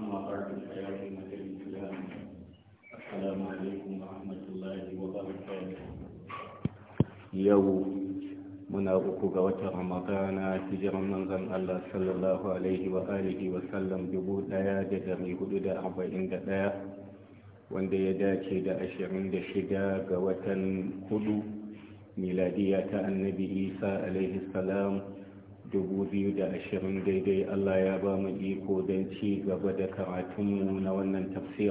أما بعد فيا أمة الإسلام السلام عليكم ورحمة الله وبركاته يوم muna uku ga watan ramadana hijiran manzon Allah sallallahu alaihi wa alihi wa sallam dubu daya da dari hudu da arba'in da daya wanda ya dace da ashirin da shida ga watan hudu miladiya ta annabi isa alaihi salam 2020 daidai Allah ya ba mu iko don ci gaba da karatunmu na wannan tafsir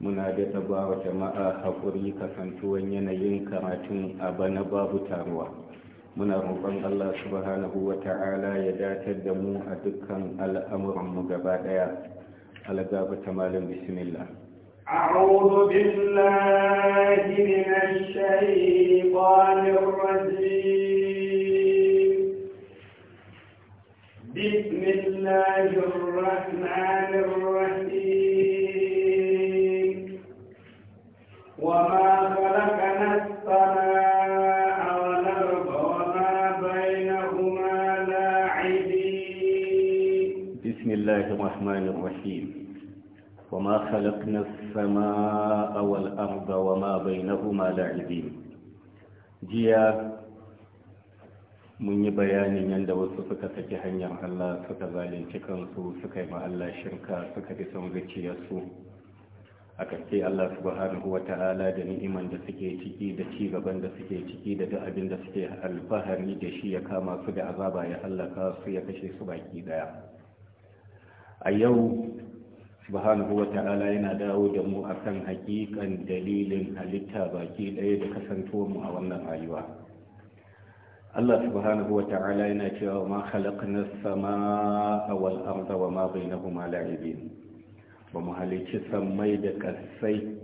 muna da ba wa jama'a haƙuri kasantuwan yanayin karatun a bana babu taruwa muna roƙon Allah subhanahu wa ta'ala ya datar da mu a dukkan al'amuranmu gaba ɗaya algaba ta malam bismillah أعوذ بالله من الشيطان الرجيم بسم الله الرحمن الرحيم وما خلقنا السماء والأرض وما بينهما لاعبين بسم الله الرحمن الرحيم وما خلقنا السماء والأرض وما بينهما لاعبين جيا mun yi bayanin yadda wasu suka saki hanyar Allah suka zalunci kansu suka yi ma'alla shirka suka fi son zuciyarsu a karshe Allah subhanahu wa ta'ala da ni'iman da suke ciki da ci gaban da suke ciki da duk abin da suke alfahari da shi ya kama su da azaba ya hallaka su ya kashe su baki daya a yau subhanahu wa ta'ala yana dawo da mu akan hakikan dalilin halitta baki daya da kasantuwar mu a wannan rayuwa Allah subhanahu wa ta'ala yana cewa ma khalaqna as samaaa wal arda wa ma bainahuma la'ibin ba mu halicci sammai da kasai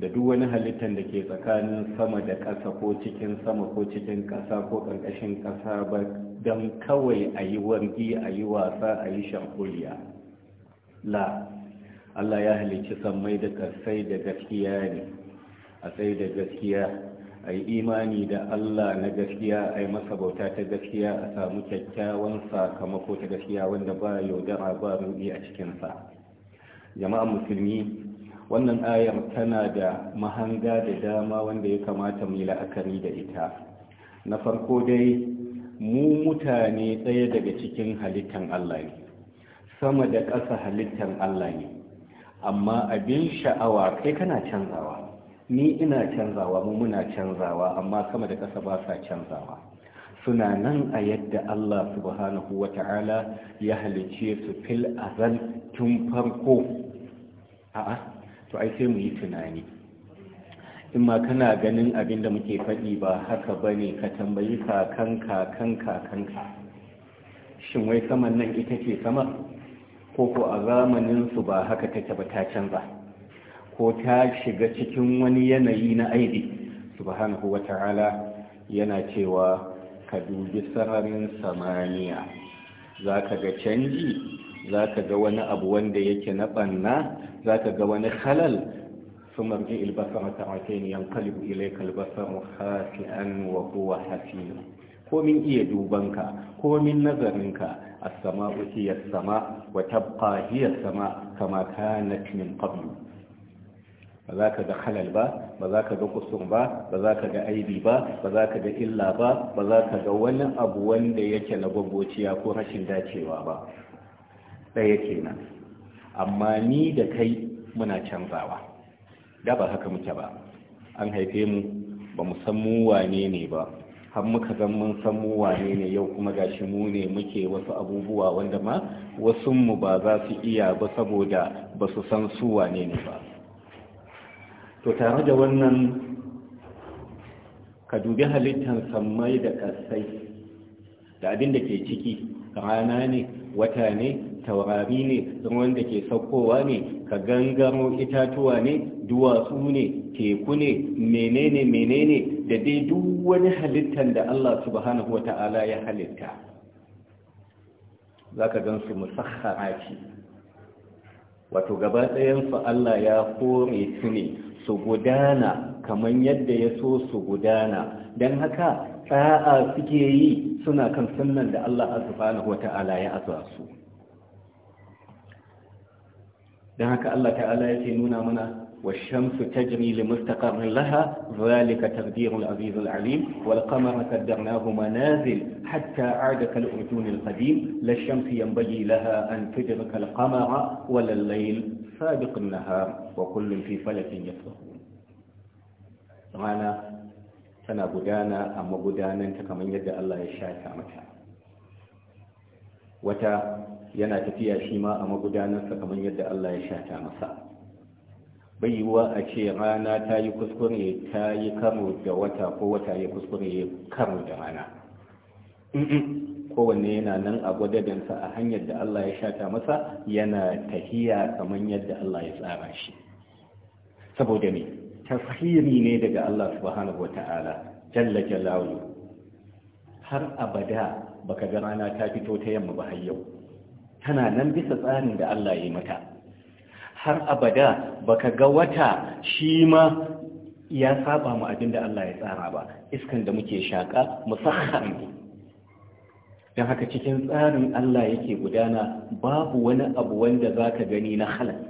da duk wani halittar da ke tsakanin sama da ƙasa ko cikin sama ko cikin ƙasa ko ƙarƙashin ƙasa ba don kawai a yi wangi a yi wasa a yi shankuliya la Allah ya halicci sammai da kasai da gaskiya ne a tsaye da gaskiya a yi imani da allah na gaskiya a yi masa bauta ta gaskiya a samu kyakkyawan sakamako ta gaskiya wanda ba yaudara ba ruɗi a cikinsa jama'a musulmi wannan ayar tana da mahanga da dama wanda ya kamata mu yi la'akari da ita na farko dai mu mutane tsaye daga cikin halittar allah ne sama da ƙasa halittar allah ne amma abin sha'awa kai kana canzawa ni ina canzawa mu muna canzawa amma kama da ƙasa ba sa canzawa suna nan a yadda Allah subhanahu wa ta'ala ya halice su fil azal tun farko a'a to ai sai mu yi tunani in ma kana ganin abin da muke faɗi ba haka bane ka tambayi kakan kakan kakan shin wai saman nan ita ce sama ko ko a zamanin su ba haka take ba ta canza ko ta shiga cikin wani yanayi na aidi subhanahu wata'ala yana cewa ka dubi sararin samaniya za ka ga canji za ka ga wani abu wanda yake na banna za ka ga wani halal su marji ilbasar ta'atain yanqalibu ilayka albasaru khasi'an wa huwa hasir komin iya dubanka komin nazarinka a sama hiya sama wa hiya sama kama na min qablu ba za ka ga halal ba ba za ka ga kusur ba ba za ka ga aibi ba ba za ka ga illa ba ba za ka ga wani abu wanda yake na gwagwociya ko rashin dacewa ba ɗaya kenan amma ni da kai muna canzawa da ba haka muke ba an haife mu ba mu san mu wane ne ba har muka zan mun san mu wane ne yau kuma gashi mu ne muke wasu abubuwa wanda ma wasu mu ba za su iya ba saboda ba su san su wane ne ba to tare da wannan ka dubi halittar sammai da ƙasai da abin da ke ciki rana ne wata ne taurari ne ruwan da ke saukowa ne ka gangaro itatuwa ne duwatsu ne teku ne menene menene da dai duk wani halittar da Allah subhanahu wata'ala ya halitta za ka gansu musakhara ce wato gaba su Allah ya kore su ne su gudana kaman yadda ya so su gudana don haka ɗa'a suke yi suna kan sunan da Allah subhanahu wata'ala ya azu su don haka Allah ta'ala ya ce nuna mana washamsu ta jini da mustaƙarin laha zalika tarbiyyar azizul alim walƙamar kaddar na huma nazil hatta arda kalurjunin hadin lashamsu yambayi laha an fijar kalƙamara walallayin سابق النهار وكل في فلك يسبحون rana tana gudana اما gudananta kamar yadda Allah ya shata mata wata yana tafiya shi ma a magudanarsa kamar yadda Allah ya shata masa bai yiwuwa a ce rana ta yi kuskure ta yi karo da wata ko wata ya kuskure ya karo da rana kowanne yana nan a gwadadansa a hanyar da Allah ya shata masa yana tahiya kamar yadda Allah ya tsara shi saboda ne tafhiri ne daga Allah subhanahu wata'ala jalla jalalu har abada baka ga rana ta fito ta yamma ba har yau tana nan bisa tsarin da Allah ya yi mata har abada baka ga wata shi ma ya saba mu abin da Allah ya tsara ba iskan da muke shaka musakhan don haka cikin tsarin Allah yake gudana babu wani abu wanda za ka gani na halar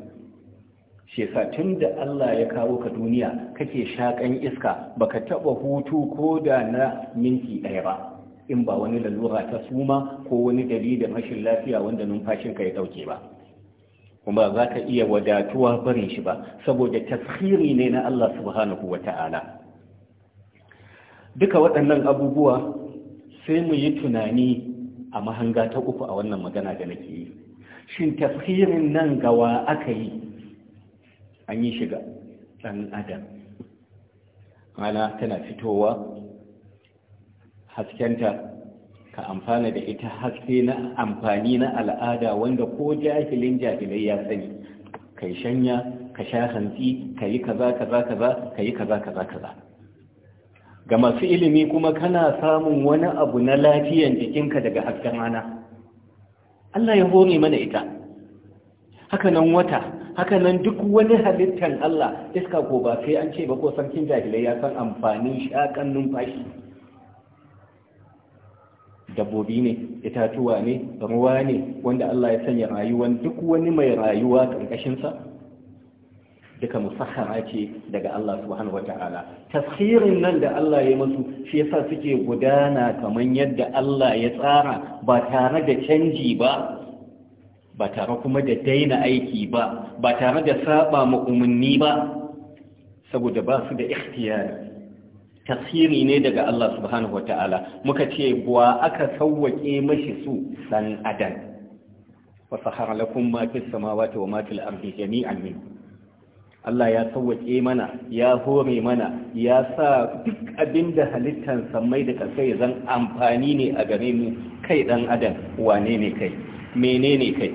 shi tun da Allah ya kawo ka duniya kake shakan iska baka taba hutu ko da na minti ɗaya ba in ba wani lalura ta suma ko wani dalilin rashin lafiya wanda numfashinka ya ɗauke ba kuma za ka iya wadatuwa barin shi ba saboda tasiri ne na Allah subhanahu wa ta'ala duka waɗannan abubuwa sai mu yi tunani a mahanga ta uku a wannan magana da nake yi shin tafsirin nan gawa aka yi an yi shiga ɗan adam mana tana fitowa haskenta ka amfana da ita haske na amfani na al'ada wanda ko jahilin jahilai ya sani kai shanya ka sha hantsi ka yi kaza kaza kaza ka yi kaza kaza kaza ga masu ilimi kuma kana samun wani abu na lafiyan jikinka daga hasken rana Allah ya hori mana ita hakanan wata hakanan duk wani halittar Allah iska ko ba sai an ce ba ko sarkin jahilai ya san amfanin shakan numfashi dabbobi ne itatuwa ne ruwa ne wanda Allah ya sanya rayuwan duk wani mai rayuwa ƙarƙashinsa duka musahara ce daga Allah subhanahu wata'ala tafsirin nan da Allah ya masu shi yasa suke gudana kamar yadda Allah ya tsara ba tare da canji ba ba tare kuma da daina aiki ba ba tare da saba ma umarni ba saboda ba su da ikhtiyari tafsiri ne daga Allah subhanahu wata'ala muka ce wa aka sauwake mashi su dan adam wa sahara lakum ma fis samawati wa ma fil ardi jami'an minhu Allah ya sauwaƙe mana ya hore mana ya sa duk abin da halittar samai da ƙasai zan amfani ne a garin mu kai ɗan adam wane ne kai menene kai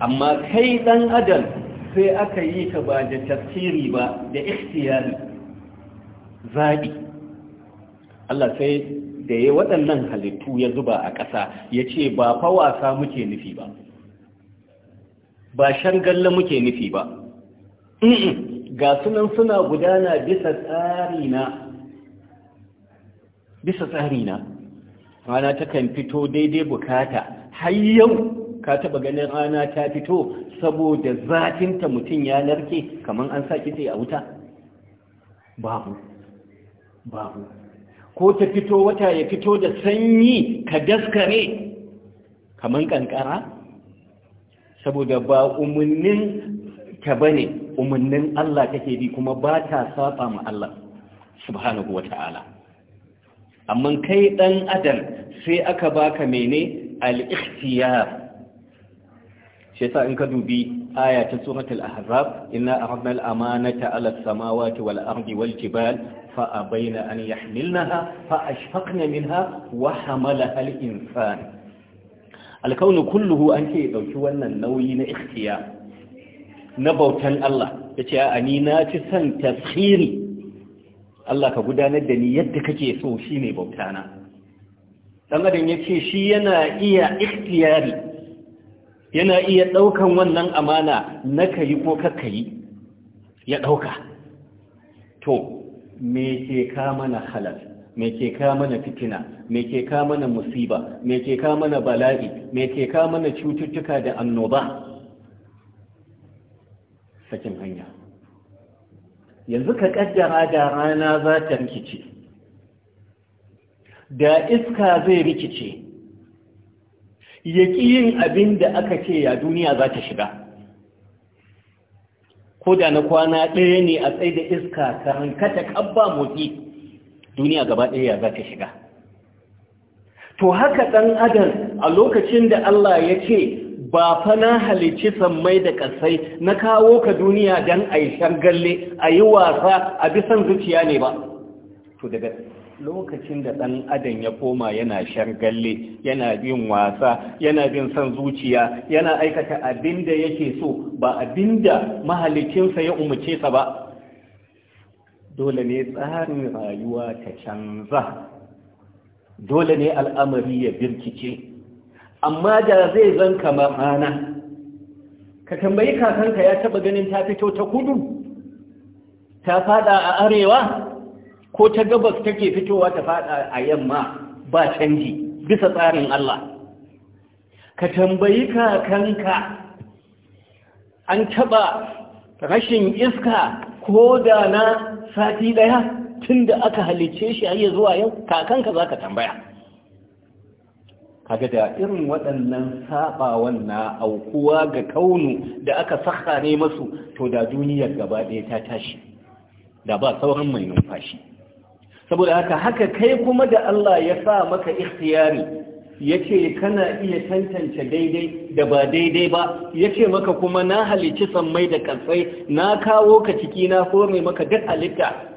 amma kai ɗan adam sai aka yi ka ba da tafsiri ba da ikhtiyari zaɓi Allah sai da ya waɗannan halittu ya zuba a ƙasa ya ce ba fa wasa muke nufi ba ba shan shangalla muke nufi ba ga sunan suna gudana bisa tsarina bisa tsarina rana takan fito daidai bukata har yau ka taba ganin rana ta fito saboda zatinta mutum ya narke kamar an sa kitse a wuta babu babu ko ta fito wata ya fito da sanyi ka daskare kamar kankara saboda ba umarnin ta bane umarnin Allah kake bi kuma ba ta saba ma Allah subhanahu wata'ala amma kai dan adam sai aka baka mene al-ikhtiyar shi yasa in ka dubi aya ta suratul ahzab inna aradna al-amanata 'ala as-samawati wal-ardi wal-jibal fa abaina an yahmilnaha fa ashfaqna minha wa hamalaha al-insan al-kawn kulluhu an ke dauki wannan nauyi na ikhtiyar na bautan Allah ya ce a ni na ci son tasiri Allah ka gudanar da ni yadda kake so shi ne bautana ɗan adam ya ce shi yana iya ikhtiyari yana iya ɗaukan wannan amana na ka yi ko kakka yi ya ɗauka to me ke ka mana halar, me ke ka mana fitina me ke ka mana musiba me ke ka mana bala'i me ke ka mana cututtuka da annoba sakin hanya yanzu ka kaddara da rana za ta rikice da iska zai rikice ya yin abin da aka ce ya duniya za ta shiga ko da na kwana ɗaya ne a tsaye da iska ta hankata ƙabba motsi duniya gaba ɗaya za ta shiga to haka ɗan adam a lokacin da Allah ya ce ba fa na halici sammai da ƙasai na kawo ka duniya don a yi shangalle a yi wasa a bisan zuciya ne ba to daga lokacin da ɗan adam ya koma yana shangalle yana bin wasa yana bin san zuciya yana aikata abin da yake so ba abin da mahalicinsa ya umarce sa ba dole ne tsarin rayuwa ta canza dole ne al'amari ya birkice amma da zai zan kamar rana ka tambayi kakanka ya taba ganin ta fito ta kudu ta fada a arewa ko ta gabas take fitowa ta fada a yamma ba canji bisa tsarin Allah ka tambayi kakanka an taba rashin iska ko da na sati daya tunda aka halice shi a har zuwa yau kakanka za ka tambaya kaga da irin waɗannan saɓawan na aukuwa ga kaunu da aka sahare masu to da duniyar gaba ɗaya ta tashi da ba sauran mai numfashi saboda haka haka kai kuma da Allah ya sa maka ikhtiyari yace kana iya tantance daidai da ba daidai ba yace maka kuma na halici sammai da kansai na kawo ka ciki na kome maka duk halitta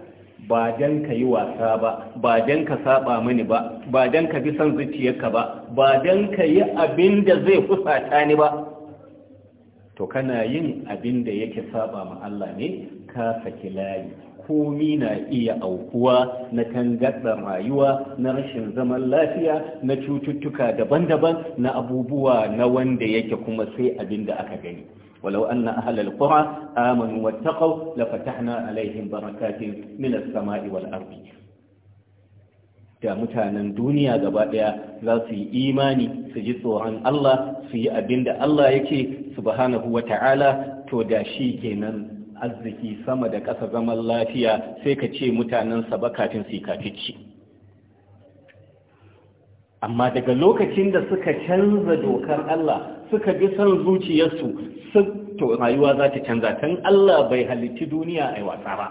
ba dan ka yi wasa ba ba dan ka saba mani ba ba dan ka bi son zuciyarka ba ba dan ka yi abin da zai fusata ni ba to kana yin abin da yake saba ma Allah ne ka saki layi komi na iya aukuwa na tangaɗa rayuwa na rashin zaman lafiya na cututtuka daban-daban na abubuwa na wanda yake kuma sai abin da aka gani ولو أن أهل القرى آمنوا واتقوا لفتحنا عليهم بركات من السماء والأرض da mutanen duniya gaba daya za su yi imani su ji tsoron Allah su yi abin da Allah yake subhanahu wata'ala to da shi kenan arziki sama da ƙasa zaman lafiya sai ka ce mutanen sa ba kafin su yi kafici amma daga lokacin da suka canza dokar Allah suka bi san zuciyarsu to rayuwa za ta canza tun Allah bai halicci duniya a wasa ba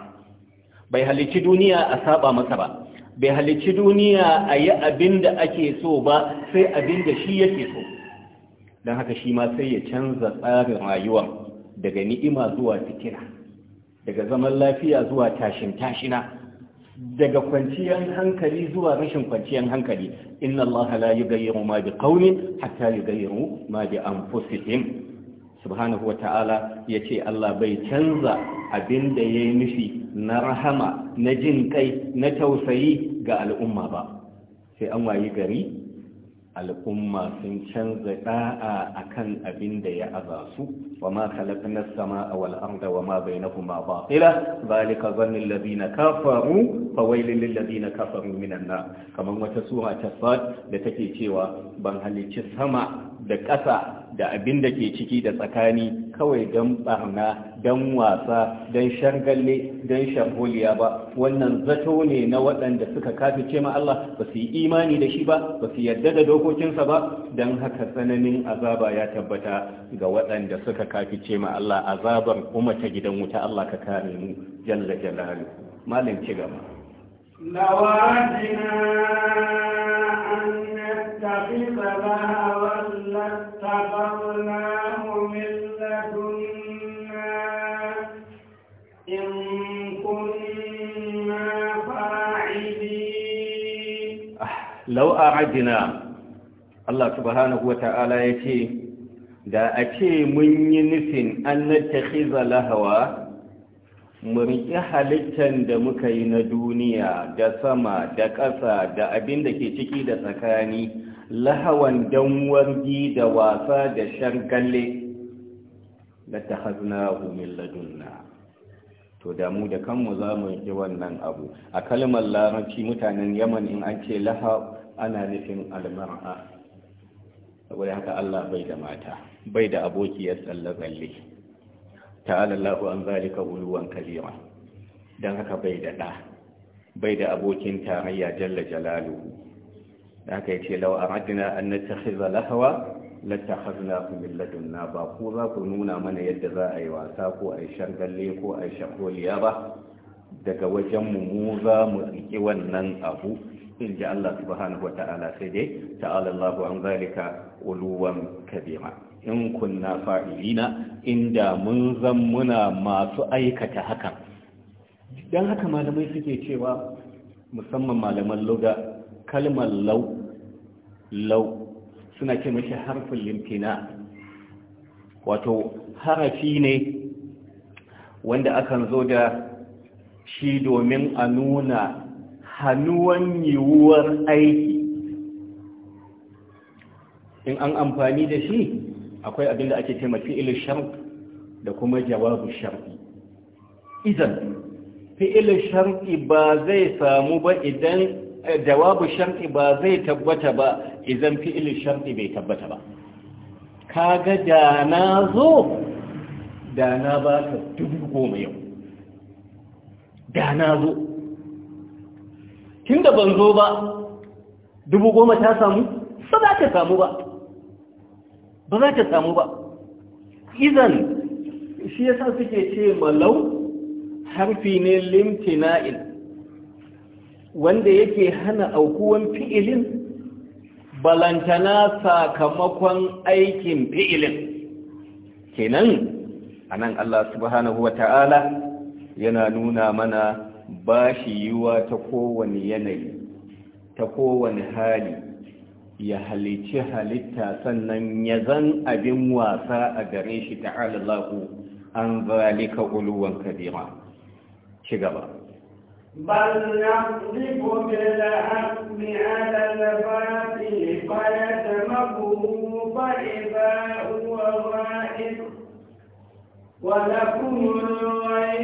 bai halicci duniya a saba masa ba bai halicci duniya a yi abin da ake so ba sai abin da shi yake so don haka shi ma sai ya canza tsarin rayuwa daga ni'ima zuwa fitina daga zaman lafiya zuwa tashin tashina daga kwanciyar hankali zuwa rashin kwanciyar hankali inna Allah la yughayyiru ma biqaumin hatta yughayyiru ma bi anfusihim subhanahu wata'ala yace Allah bai canza abin da yayi nufi na rahama na jin kai na tausayi ga al'umma ba sai an wayi gari al'umma sun canza da'a kan abin da ya aza su wa ma khalaqna as-samaa wal arda wa ma bainahuma batila zalika dhannu na kafaru fa waylil lil na kafaru minan na Kamar wata sura ta sad da take cewa ban halicci sama da ƙasa da abin da ke ciki da tsakani kawai don barna don wasa don shangalle, don sharholiya ba wannan zato ne na waɗanda suka kafice ma Allah ba su yi imani da shi ba ba su yarda da dokokinsa ba don haka tsananin azaba ya tabbata ga waɗanda suka kafice ma Allah azabar kuma ta gidan wuta Allah ka kare mu jalla jalalu malam ci gaba lawadina يتخذ لها لاتخذناه من لدنا إن كنا لو أعدنا Allah subhanahu wa ta'ala ya ce, Da a ce mun yi nufin an na tafiza lahawa, mu riƙi halittar da muka yi na duniya da sama da ƙasa da abin da ke ciki da tsakani, lahawan Danwar wargi da wasa da shargalle da ta hazna min ladunna to da mu da kanmu za mu yi wannan abu a kalmar laranci, mutanen yaman in an ce laha ana nufin almar'a saboda haka Allah bai da mata bai da abokiyar tsalle-tsalle ta'ala lahu an zalika uluwan kalima don haka bai da ɗa bai da abokin tarayya jalla jalaluhu da aka yace law aradna an nattakhidha lahwa lattakhadnahu min ladunna ba ko za ku nuna mana yadda za a yi wasa ko a yi ko a yi shakoliya ba daga wajen mu mu za mu tsiki wannan abu in ji Allah subhanahu ta'ala sai dai ta'ala Allahu an zalika uluwan kabira in kunna fa'ilina inda mun zan muna masu aikata hakan dan haka malamai suke cewa musamman malaman luga kalmar lau lau suna ce mashi harfin limfina wato harafi ne wanda akan zo da shi domin a nuna hannuwan yiwuwar aiki in an amfani da shi akwai abinda da ake taimaki ilishar da kuma jawabu sharfi idan ilin sharfi ba zai samu ba idan Eh, jawabu shar'i ba zai tabbata ba idan fi'il shar'i bai tabbata ba kaga da na zo da na ba ka dubu goma yau da na zo tun da ban zo ba dubu goma ta samu ba za ta samu ba ba za ta samu ba izan shi yasa suke ce malau harfi ne limtina'il wanda yake hana aukuwan fi'ilin balantana sakamakon aikin fi'ilin kenan anan Allah subhanahu wa ta'ala yana nuna mana ba shi yiwa ta kowane yanayi ta kowane hali ya halici halitta sannan ya zan abin wasa a gare shi ta'alallahu an zalika uluwan kadira ci gaba بل فإذا هو غائب ولكم الويل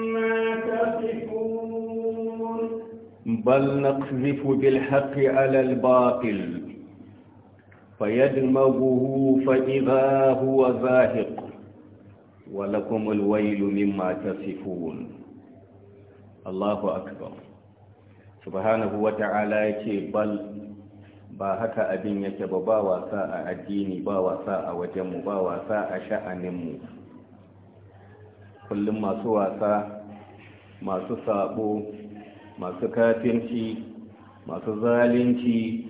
مما تصفون بل نقذف بالحق على الباطل فيدمغه فإذا هو زاهق ولكم الويل مما تصفون Allahu akbar subhanahu wata'ala yace bal ba haka abin yake ba ba wasa a addini ba wasa a wajenmu ba wasa a sha'aninmu kullum masu wasa masu sabo masu kafinci masu zalunci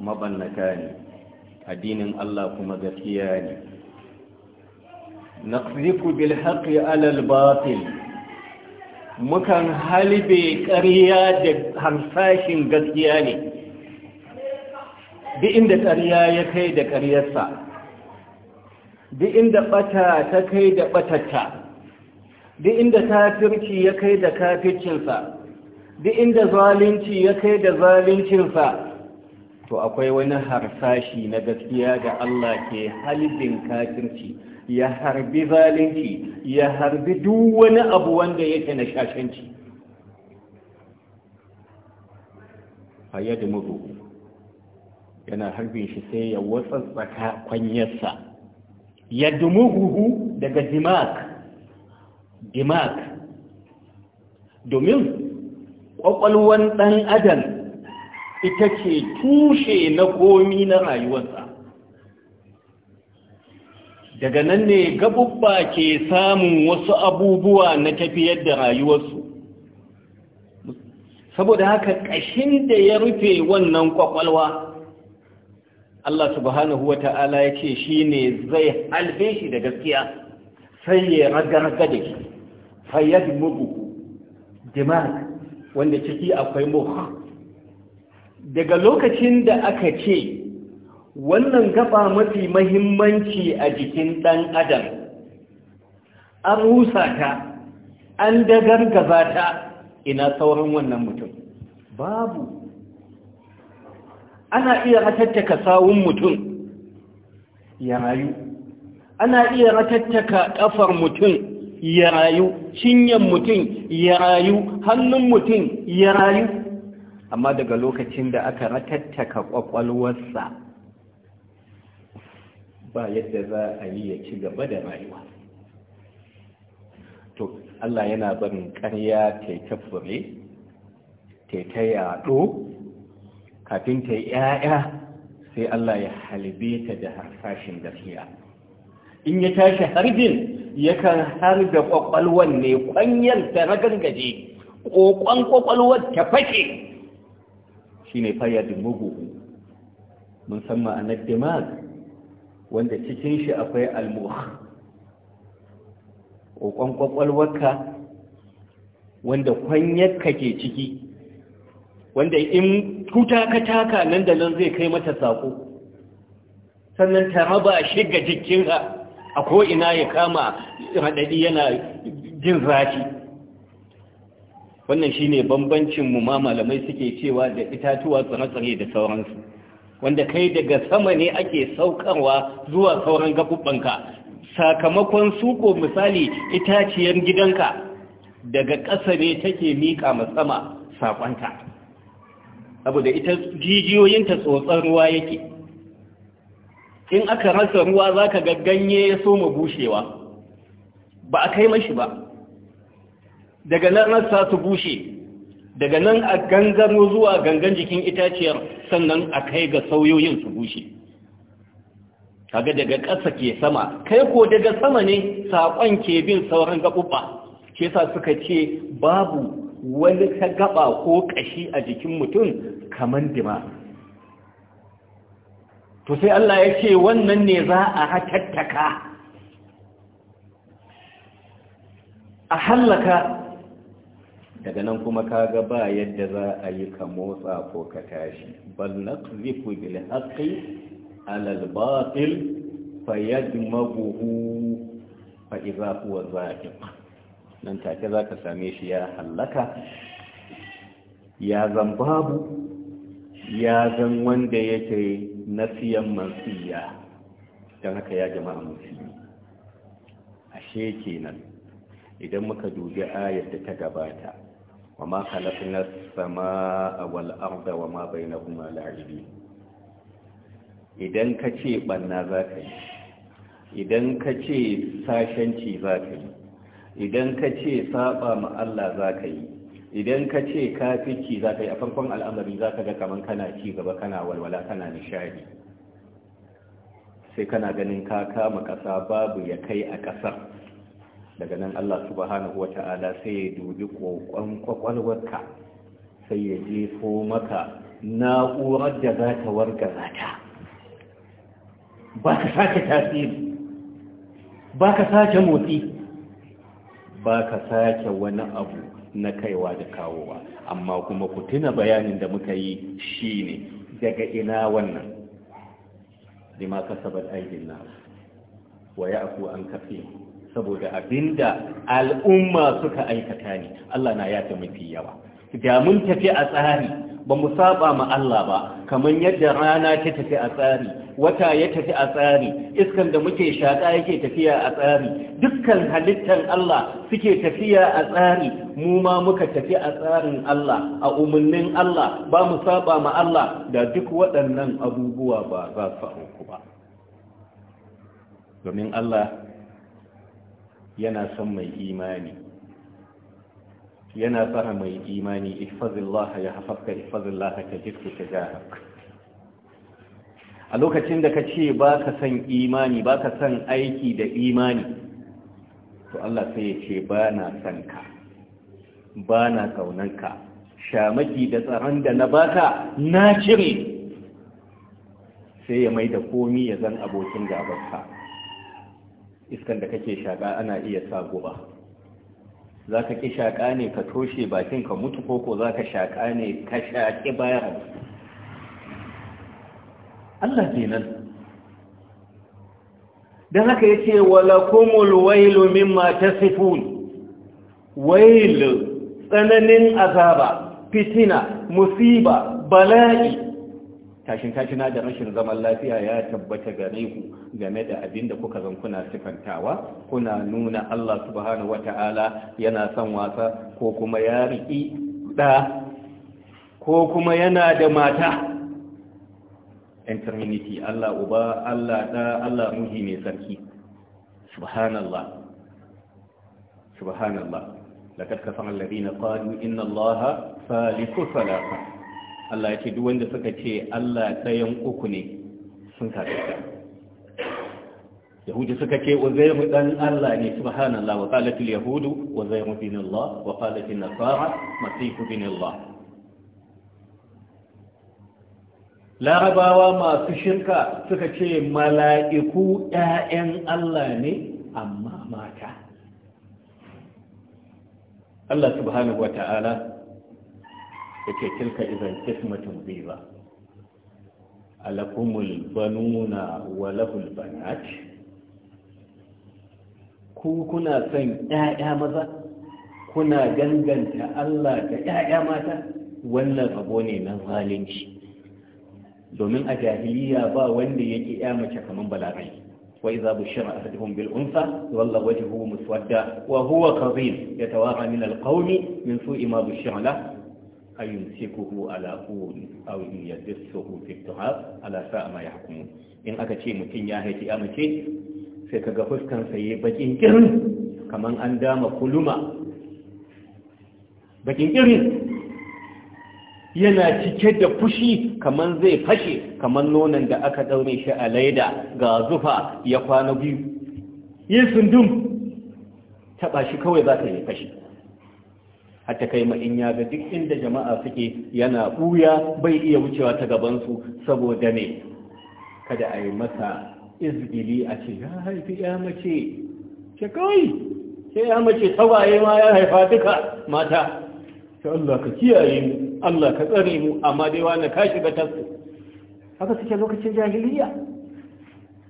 mabannaka ne addinin Allah kuma gaskiya ne naqziku bil haqqi alal batil mukan halibe ƙarya da hamsashin gaskiya ne duk inda ƙarya ya kai da ƙaryarsa duk inda ɓata ta kai da ɓatatta duk inda kafirci ya kai da kafircinsa duk inda zalunci ya kai da zaluncinsa to akwai wani harsashi na gaskiya ga Allah ke halibin kafirci ya harbi zalunci ya harbi duk wani abu wanda yake na shashanci a yadda mugu yana harbin shi sai ya watsatsaka kwanyarsa ya dumuguhu daga dimak dimak domin kwakwalwan ɗan adam ita ce tushe na komi na rayuwarsa daga nan ne gabubba ke samun wasu abubuwa na tafiyar da rayuwarsu saboda haka ƙashin da ya rufe wannan kwakwalwa Allah subhanahu wa ta'ala ya ce shi ne zai halbe shi da gaskiya sai ya ragarga da shi fayyad mugu dimag wanda ciki akwai muha daga lokacin da aka ce wannan gaba mafi mahimmanci a jikin ɗan adam an rusa ta an dagar gaba ta ina sauran wannan mutum babu ana iya ratattaka sawun mutum ya rayu ana iya ratattaka ƙafar mutum ya rayu cinyan mutum ya rayu hannun mutum ya rayu amma daga lokacin da aka ratattaka ƙwaƙwalwarsa ba yadda za a yi ya ci gaba da rayuwa to Allah yana barin ƙarya ta ta fure ta ta yaɗo kafin ta yi ‘ya'ya sai Allah ya halibe ta da harsashin gafiya. in ya tashi harbin yakan har da ƙwaƙwalwan ne ƙwanyar ta ragangaje ƙoƙon ƙwaƙwalwar ta fake shi ne fayar da mugu mun san ma'anar dimag wanda cikin shi akwai almuh ƙoƙon ƙwaƙwalwarka wanda kwanyarka ke ciki wanda in kutaka ka taka nan da nan zai kai mata sako sannan ta raba shi ga jikinka a ko'ina ya kama raɗaɗi yana jin zafi wannan shi ne mu ma malamai suke cewa da itatuwa tsare-tsare da sauransu wanda kai daga sama ne ake saukarwa zuwa sauran gabubbanka sakamakon suko misali itaciyar gidanka daga ƙasa ne take miƙa ma sama Abu saboda ita jijiyoyinta tsotsar ruwa yake in aka rasa ruwa za ka ganye ya soma bushewa ba a kai mashi ba daga nan rasa su bushe daga nan a gangano zuwa gangan jikin itaciyar sannan a kai ga sauyoyin su bushe kaga daga ƙasa ke sama kai ko daga sama ne saƙon ke bin sauran gaɓuɓɓa ke sa suka ce babu wani ta gaɓa ko ƙashi a jikin mutum kamar dima to sai Allah ya ce wannan ne za a hatattaka a hallaka daga nan kuma kaga ba yadda za a yi ka motsa ko ka tashi bal naqzifu bil haqqi ala al batil fayadmaghuhu fa idza huwa zaqiq nan take zaka same shi ya hallaka ya zan babu ya zan wanda yake nasiyan mansiya don haka ya jama'a musulmi ashe kenan idan muka dubi ayar da ta gabata وما خلقنا السماء والأرض وما بينهما لاعبين idan ka ce banna za ka yi idan ka ce sashenci za ka yi idan ka ce saba ma Allah za ka yi idan ka ce kafici za ka yi a farkon al'amari za ka ga kamar kana ci gaba kana walwala kana nishadi sai kana ganin ka kama ƙasa babu ya kai a ƙasar daga nan Allah subhanahu wa ta'ala sai ya dubi kokon kwakwalwarka sai ya jefo maka na'urar da za ta za ta ba ka sake tasiri ba ka sake motsi ba ka sake wani abu na kaiwa da kawowa amma kuma ku tuna bayanin da muka yi shine daga ina wannan lima kasabar aikin nasu waya aku an kafin saboda abinda al'umma suka aikata ne Allah na yafe mafi yawa da mun tafi a tsari ba mu saba ma Allah ba kamar yadda rana ta tafi a tsari wata ya tafi a tsari iskan da muke shaƙa yake tafiya a tsari dukkan halittan Allah suke tafiya a tsari mu ma muka tafi a tsarin Allah a umarnin Allah ba mu saba ma Allah da duk waɗannan abubuwa ba za su auku ba domin Allah yana son mai imani yana fara mai imani ihfazillah ya hafafka ihfazillah ka ka shajahak a lokacin da ka ce ba ka son imani ba ka son aiki da imani to Allah sai ya ce ba na son ka ba na ka. shamaki da tsaron da na baka na cire sai ya mai da komi ya zan abokin gabarka iskan da kake shaka ana iya sa guba za ka ƙi shaƙa ne ka toshe bakin ka mutu koko za ka shaƙa ne ka shaƙi bayan Allah nan. don haka ya ce walakumul wailu mimma tasifun wailu tsananin azaba fitina musiba bala'i tashin tashina da rashin zaman lafiya ya tabbata gare ku game da abin da kuka zan kuna sifantawa kuna nuna Allah subhanahu wata'ala yana son wasa ko kuma ya riki da ko kuma yana da mata interminity Allah uba Allah Ɗa, Allah muhi ne sarki subhanallah subhanallah laqad kafara alladhina qalu inna allaha salisu salasa Allah ya ce duk wanda suka ce Allah ɗayan uku ne sun kafirta yahudu suka ce uzairu dan Allah ne subhanallah wa qalat al zai uzairu bin Allah wa qalat an nasara masih bin Allah larabawa masu shirka suka ce mala'iku ƴaƴan Allah ne amma mata Allah subhanahu wa ta'ala ya ce tilka izan kismatin biza alakumul banuna wa lahul banat ku kuna son 'ya'ya maza kuna ganganta Allah da 'ya'ya mata wannan abu ne na zalunci domin a jahiliya ba wanda yake ƴa mace kamar balagai Wai iza bushira ahadihum bil unsa walla wajhuhu muswadda wa huwa qadhin yatawaqa min al qawmi min su'i ma bushira lahu ayumsikuhu ala qawli aw yadsuhu fi tuhab ala sa ma yahkum in aka ce mutum ya haifi ya mace sai kaga fuskan sa yayi bakin kirin kaman an dama kuluma bakin kirin yana cike da fushi kaman zai fashe kaman nonon da aka daure shi a laida ga zufa ya kwana biyu yin sundum taɓa shi kawai za ta yi fashe hatta kai ma in ya ga duk inda jama'a suke yana buya bai iya wucewa ta gabansu saboda ne kada a yi masa izgili a ce ya haifi ya mace ce kawai sai ya mace tsawaye ma ya haifa duka mata Ta Allah ka kiyaye mu Allah ka tsare mu amma dai wani ka shiga tasu haka suke lokacin jahiliya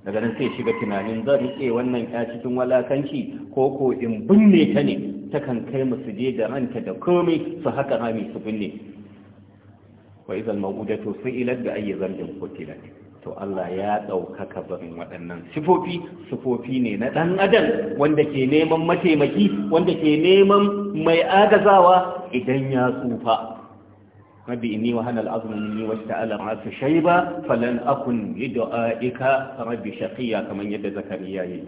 daga nan sai shiga tunanin zan rike wannan ya cikin walakanci ko ko in binne ta ne takan kai mu su je da ranta da komai su haka rami su binne wa izal ma'udatu su'ilat da ayyi zambin qutilat to Allah ya ɗaukaka barin waɗannan sifofi sifofi ne na ɗan adam wanda ke neman mataimaki wanda ke neman mai agazawa idan ya tsufa rabbi inni wa hanal azmun ni wa ta'ala asu shayba falan akun lidu'aika rabbi shaqiya kaman yadda zakariya yi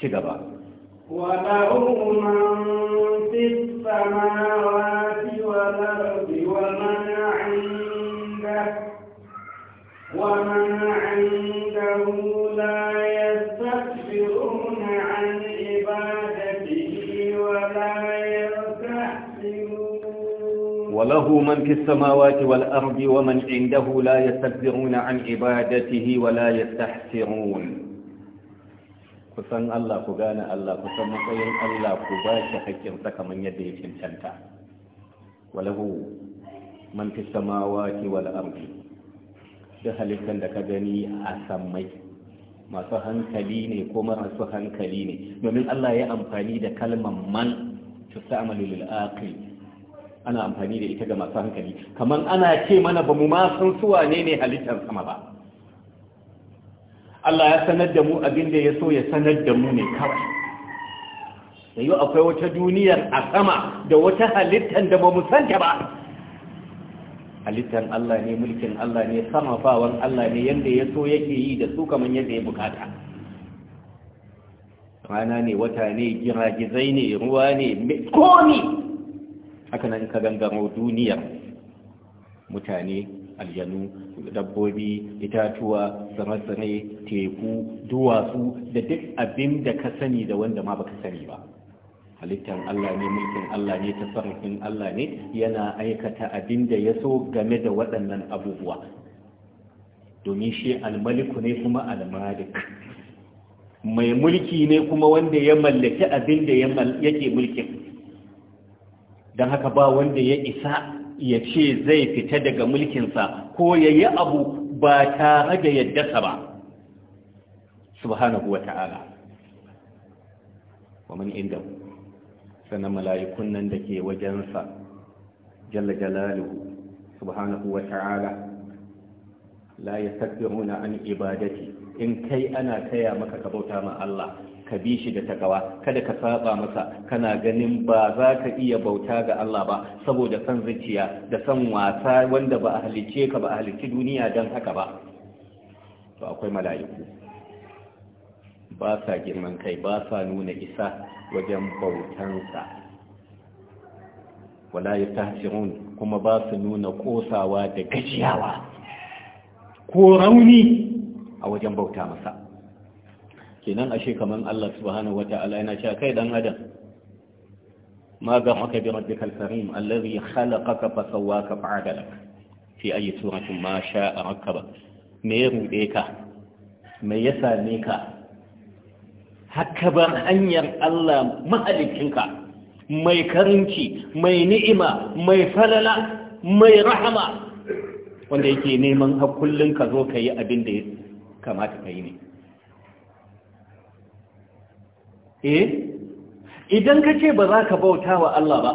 ci gaba وله من في السماوات والأرض ومن عنده ومن عنده لا يستكبرون عن عبادته ولا وله من في السماوات والأرض ومن عنده لا يستكبرون عن عبادته ولا يستحسرون ku san Allah ku gane Allah ku san matsayin Allah ku ba shi haƙƙinsa kamar yadda ya cancanta walahu man fi samawati wal ardi duk halittar da ka gani a sammai masu hankali ne ko marasu hankali ne domin Allah ya amfani da kalmar man tusamalu lil aqil ana amfani da ita ga masu hankali kamar ana ce mana ba mu ma san su wane ne halittar sama ba Allah ya sanar da mu abin da ya so ya sanar da mu ne kawai da akwai wata duniyar a sama da wata halittar da ba mu santa ba halittar Allah ne mulkin Allah ne sama fawon Allah ne yadda ya so yake yi da su kamar yadda ya bukata rana ne wata ne giragizai ne ruwa ne komi haka nan ka gangaro duniyar mutane aljanu dabbobi itatuwa tsare-tsare teku duwatsu da duk abin da ka sani da wanda ma baka sani ba halittar Allah ne mulkin Allah ne tasarrufin Allah ne yana aikata abin da ya so game da waɗannan abubuwa domin shi almaliku ne kuma almalik mai mulki ne kuma wanda ya mallaki abin da yake mulkin don haka ba wanda ya isa ya ce zai fita daga mulkinsa ko ya yi abu ba tare da yaddasa ba subhanahu wa ta'ala wa man inda sanan mala'ikun nan da ke wajensa jalla jalaluhu subhanahu wa ta'ala la yastakbiruna an ibadati in kai ana taya maka ka bauta ma Allah ka bi shi da takawa kada ka saba masa kana ganin ba za ka iya bauta ga Allah ba saboda san zuciya da san wasa wanda ba a halicce ka ba a halicci duniya don haka ba to akwai mala'iku ba sa girman kai ba sa nuna isa wajen bautansa wala ya yastahsirun kuma ba su nuna kosawa da gajiyawa ko rauni a wajen bauta masa kenan ashe kaman Allah subhanahu wata'ala yana cewa kai dan adam ma ga maka bi rabbikal karim allazi khalaqaka fa sawwaka fa adalak fi ayi suratin ma sha'a rakaba me ya rube ka me ya same ka haka ba hanyar Allah mahalikinka mai karinci mai ni'ima mai falala mai rahama wanda yake neman hakullin ka zo ka yi abin da ya kamata ka yi ne eh idan ka ce ba za ka bauta wa Allah ba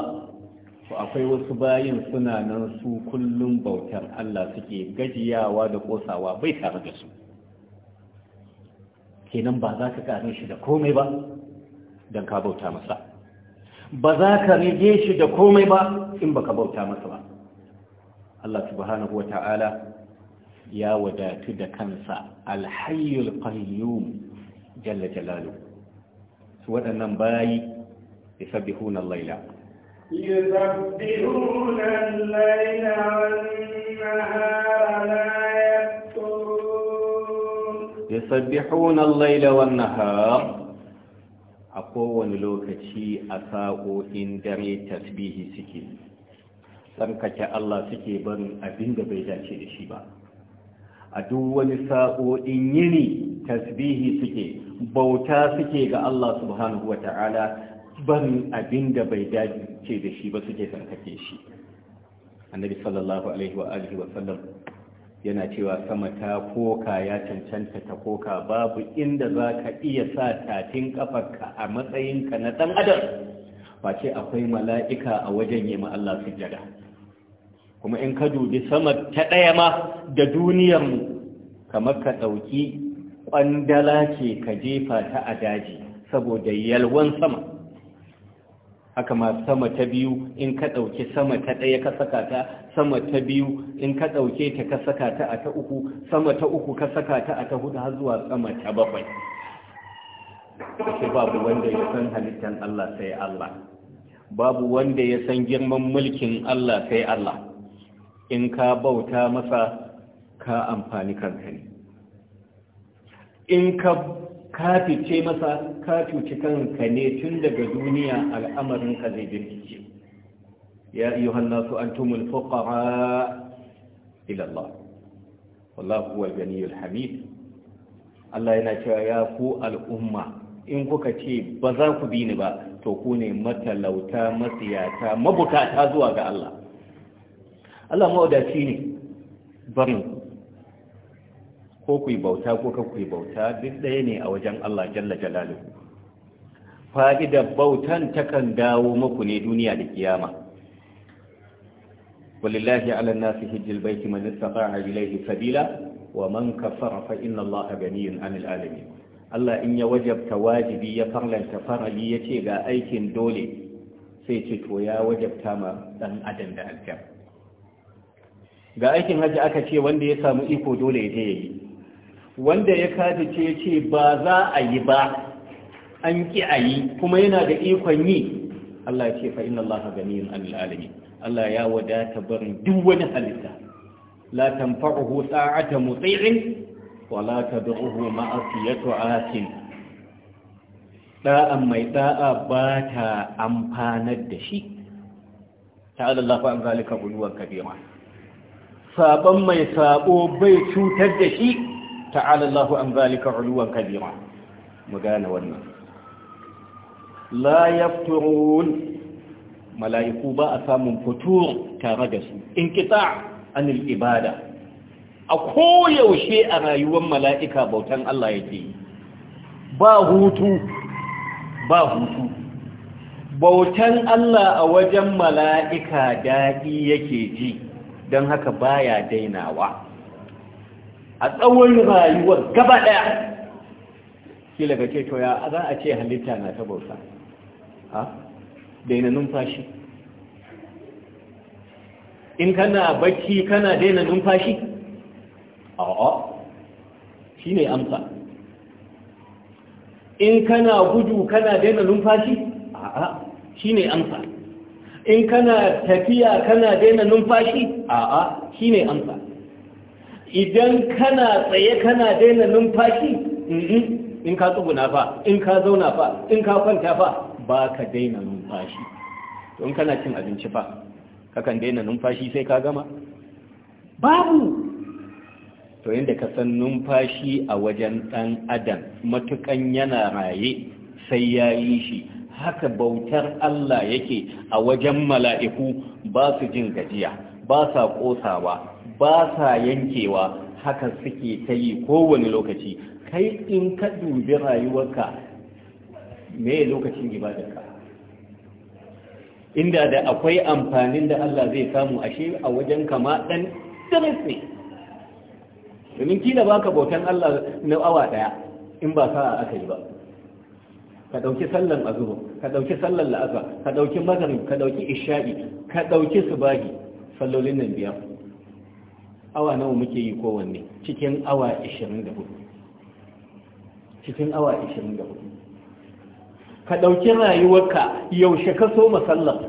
to akwai wasu bayin suna nan su kullum bautar Allah suke gajiyawa da kosawa bai tare da su kenan ba za ka kare shi da komai ba don ka bauta masa ba za ka rige shi da komai ba in baka bauta masa ba Allah subhanahu wa ta'ala ya wadatu da kansa alhayyul qayyum jalla jalaluhu su waɗannan bayi يسبحون الليل يسبحون الليل والنهار لا يفترون يسبحون الليل والنهار أقوى لوكتي أساء إن دري تسبيه سكي tsarkake Allah suke barin abinda bai dace da shi ba a duk wani sa'o'in yini tasbihi suke bauta suke ga Allah subhanahu wa ta'ala ban abin da bai dace da shi ba suke tsarkake shi annabi sallallahu alaihi wa alihi wa sallam yana cewa sama ta koka ya cancanta ta koka babu inda za ka iya sa tatin kafarka a matsayinka na dan adam face akwai mala'ika a wajen yi Allah jada. kuma in ka dubi sama ta ɗaya ma da duniyarmu kamar ka ɗauki ƙwandala ce ka jefa ta a daji saboda yalwan sama haka ma sama ta biyu in ka ɗauke sama ta ɗaya ka saka ta sama ta biyu in ka ɗauke ta ka saka ta a ta uku sama ta uku ka saka ta a ta hudu har zuwa sama ta bakwai babu wanda ya san halittar Allah sai Allah babu wanda ya san girman mulkin Allah sai Allah in ka bauta masa ka amfani kanka ne in ka kafice masa ka cuci kanka ne tun daga duniya al'amarin ka zai jirkice ya yi su an tumul fuqara ila Allah kuwa gani ganiyul hamid Allah yana cewa ya ku al'umma in kuka ce ba za ku bi ni ba to ku ne matalauta matsiyata mabukata zuwa ga Allah Allah mawadaci ne barin ko ku yi bauta ko ka ku yi bauta duk ɗaya ne a wajen Allah jalla jalalu fa'ida bautan takan dawo muku ne duniya da kiyama walillahi ala nasi hijjil baiti man istata'a ilayhi sabila wa man kafara fa inna Allah ganiyun 'anil 'alamin Allah in ya wajabta wajibi ya farlanta farali yace ga aikin dole sai ce to ya wajabta ma dan adam da alkar ga aikin haji aka ce wanda ya samu iko dole ya je yayi wanda ya kafice ce ba za a yi ba an ki a yi kuma yana da ikon yi Allah ya ce fa Allah ganiyun anil alamin Allah ya wadata barin duk wani halitta la tanfa'uhu sa'ata muti'in wa la tad'uhu ma'asiyatu asin da'an mai da'a ba ta amfanar da shi ta'ala Allah an zalika buluwan kabira Sabon mai sabo bai cutar da shi ta'ala Allahu an zalika uluwan kabira mu gane wannan la yafturun mala'iku ba a samun fitur tare da su in kita anil ibada a koyaushe a rayuwar mala'ika bautan Allah yake ba hutu ba hutu bautan Allah a wajen mala'ika daɗi yake ji don haka baya dainawa a tsawon rayuwar gaba ɗaya shi daga ke toya ya za a ce halitta na ta bauta ha daina numfashi in kana bacci kana daina numfashi a'a shi ne amsa in kana gudu kana daina numfashi a'a shi ne amsa in kana tafiya kana daina numfashi a'a shi ne amsa idan kana tsaye kana daina numfashi in ka tsuguna fa in ka zauna fa in ka kwanta fa ba ka daina numfashi to in kana cin abinci fa kakan daina numfashi sai ka gama babu to yadda ka san numfashi a wajen ɗan adam matukan yana raye sai ya yi shi haka bautar Allah yake a wajen mala'iku ba su jin gajiya ba sa ƙosawa ba sa yankewa haka suke ta yi kowane lokaci kai in ka dubi rayuwarka me lokacin ibadarka inda da akwai amfanin da Allah zai samu ashe a wajen kama dan diris ne domin kila baka bautan Allah na awa daya in ba sa'a aka yi ba ka dauki sallan azhur ka dauki sallan la'asa ka dauki maghrib ka dauki isha'i ka dauki subahi sallolin nan biyar awa nawa muke yi kowanne cikin awa 24 cikin awa 24 ka ɗauki rayuwarka yaushe ka so masallar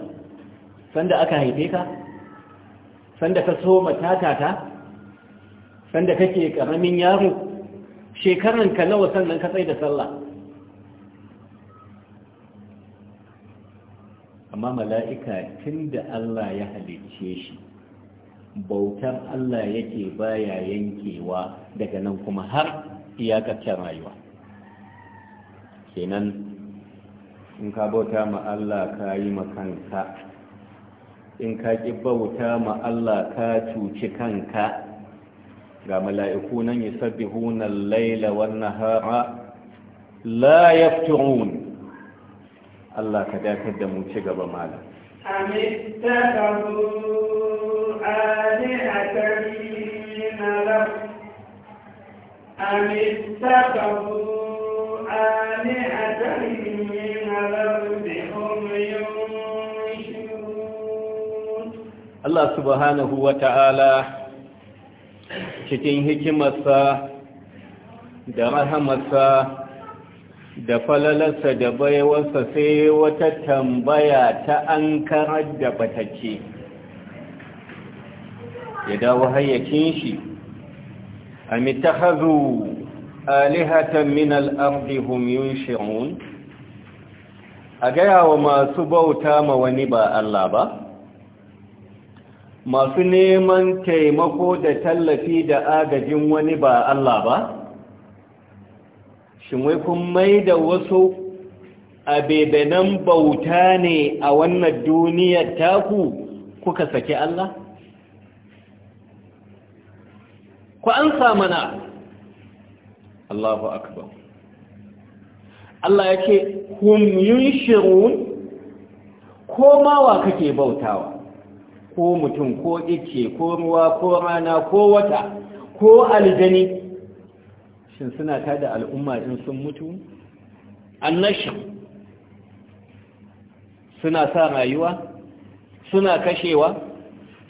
sanda aka haife ka sanda ka so matatata sanda kake ƙaramin yaro ka nawa sannan ka tsaye da sallah amma mala'ika tun da Allah ya halicce shi bautar Allah yake baya yankewa daga nan kuma har iyakacin rayuwa kenan in ka bauta ma Allah ka yi makanka in ka ƙi bauta ma Allah ka cuci kanka ga mala'iku nan yi sabbi hunan laila wannan hara la yafturun Allah ka dakar da mu ci gaba malam. Amin, ta allah من أم اتخذوا ينشرون الله سبحانه وتعالى cikin hikimarsa da rahamarsa da falalarsa da baiwarsa sai wata tambaya ta an karar da batacce ya dawo hayyakin shi am ittakhadhu alihatan min al-ardi hum yunshirun a gaya wa masu bauta ma wani ba Allah ba masu neman taimako da tallafi da agajin wani ba Allah ba shin kun mai da wasu abebenan bauta ne a wannan duniyar taku kuka saki Allah ku an mana Allahu akbar Allah yake hum yunshirun ko wa kake bautawa ko mutum ko ice ko ruwa ko rana ko wata ko aljani shin suna tada al'umma din sun mutu annashin suna sa rayuwa suna kashewa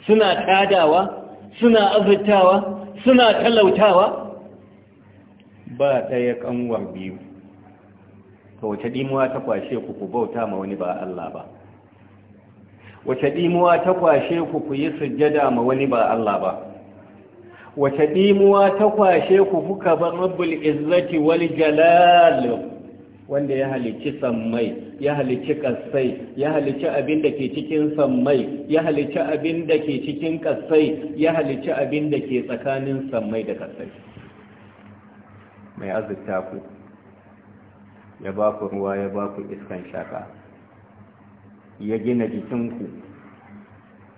suna tadawa suna azurtawa suna talautawa ba ɗaya ƙanwar biyu ka wata ɗimuwa ta kwashe ku ku bauta ma wani ba Allah ba Wata ɗimuwa ta kwashe ku ku yi sujjada ma wani ba Allah ba Wata ɗimuwa ta kwashe ku kuka ba rabbul izzati wal jalal wanda ya halicci sammai ya halicci kassai ya halicci abin da ke cikin sammai ya halicci abin da ke cikin kassai ya halicci abin da ke tsakanin sammai da kassai mai azurta ku ya ba ku ruwa ya ba ku iskan shaka ya gina jikinku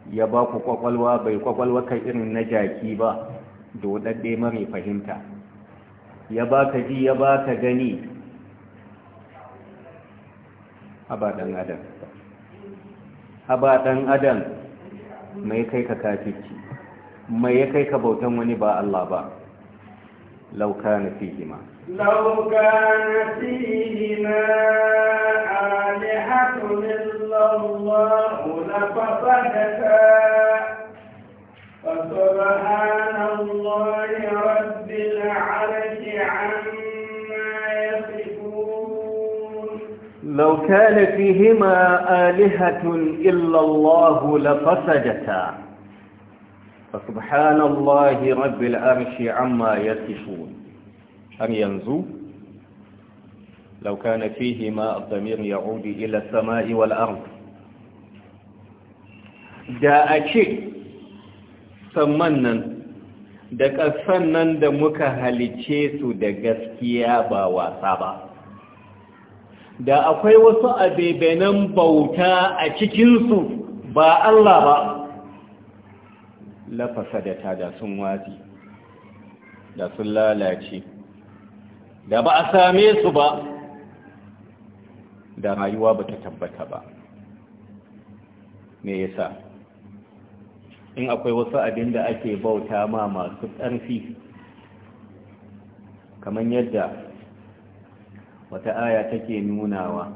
ya ba ku kwakwalwa bai kwakwalwa kan irin na jaki ba dodadde mara fahimta ya ba ka ji ya ba ka gani haba dan adam haba dan adam mai kai ka kafirci mai ya kai ka bautan wani ba Allah ba law kana fihima law kana fihima alihatun wa la fasadaka fa الله رب العرش لو كان فيهما آلهة إلا الله لفسدتا فسبحان الله رب العرش عما يصفون أم ينزو لو كان فيهما الضمير يعود إلى السماء والأرض جاء شيء سمنن da ƙasan nan da muka halice su da gaskiya ba wasa ba da akwai wasu abebenan bauta a cikinsu ba Allah ba lafasa da ta da sun wazi da sun lalace da ba a same su ba da rayuwa ba ta tabbata ba me yasa in akwai wasu abin da ake bauta ma masu ƙarfi kamar yadda wata aya take nunawa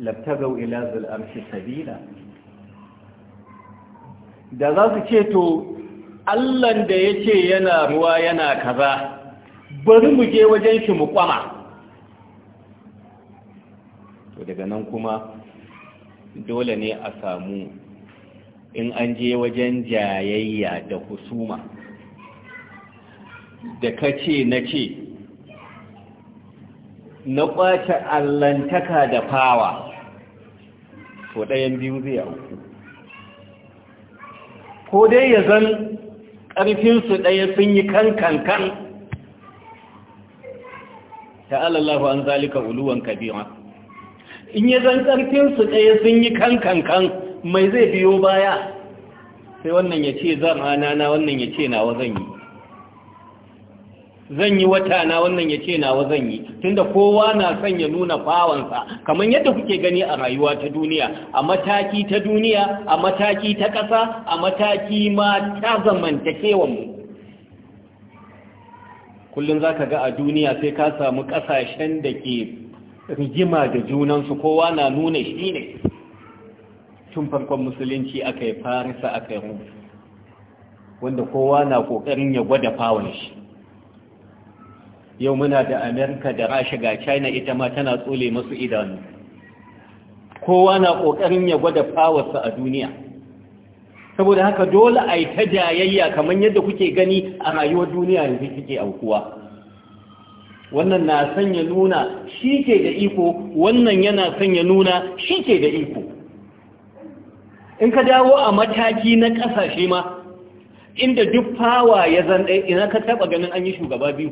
labtagau ila zul arshi sabila da za su ce to allan da ya ce yana ruwa yana kaza bari mu je wajen shi mu kwama to daga nan kuma dole ne a samu in an je wajen jayayya da husuma da kace na ce na ƙwace allantaka da fawa Ko ɗayan biyu zai auku ko dai ya zan ƙarfinsu ɗaya sun yi kan kan ta'alallahu an zalika uluwan kabira in ya zan ƙarfinsu ɗaya sun yi kan mai zai biyo baya sai wannan ya ce zan ana na wannan ya ce na zan yi zan yi wata na wannan ya ce nawa zan yi tunda kowa na son ya nuna fawansa kamar yadda kuke gani a rayuwa ta duniya a mataki ta duniya a mataki ta ƙasa a mataki ma ta zamantakewanmu kullum za ka ga a duniya sai ka samu ƙasashen da ke rigima da junansu kowa na nuna shi ne tun farkon musulunci aka yi farisa aka yi wanda kowa na ƙoƙarin ya gwada fawon shi yau muna da amerika da rasha ga china ita ma tana tsole masu idanu kowa na ƙoƙarin ya gwada fawarsa a duniya saboda haka dole a yi ta jayayya kamar yadda kuke gani a rayuwar duniya yanzu kike aukuwa wannan na sanya nuna shi ke da iko wannan yana sanya nuna shi ke da iko in ka dawo a mataki na ƙasashe ma inda duk fawa ya zan eh, ina ka taɓa ganin an yi shugaba biyu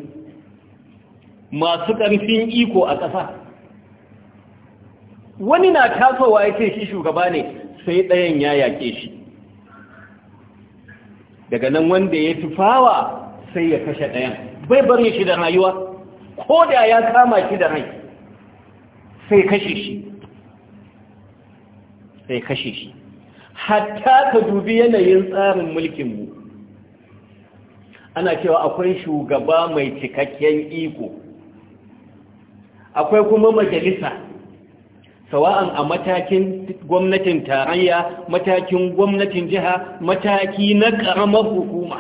masu ƙarfin iko a ƙasa wani na tasowa ya ce shi shugaba ne sai ɗayan ya yaƙe shi daga nan wanda ya fi fawa sai ya kashe ɗayan bai bari shi da rayuwa ko da ya kama shi da rai sai kashe shi sai kashe shi hatta ka dubi yanayin tsarin mulkinmu ana cewa akwai shugaba mai cikakken iko akwai kuma majalisa sawa'an a matakin gwamnatin tarayya matakin gwamnatin jiha mataki na karamar hukuma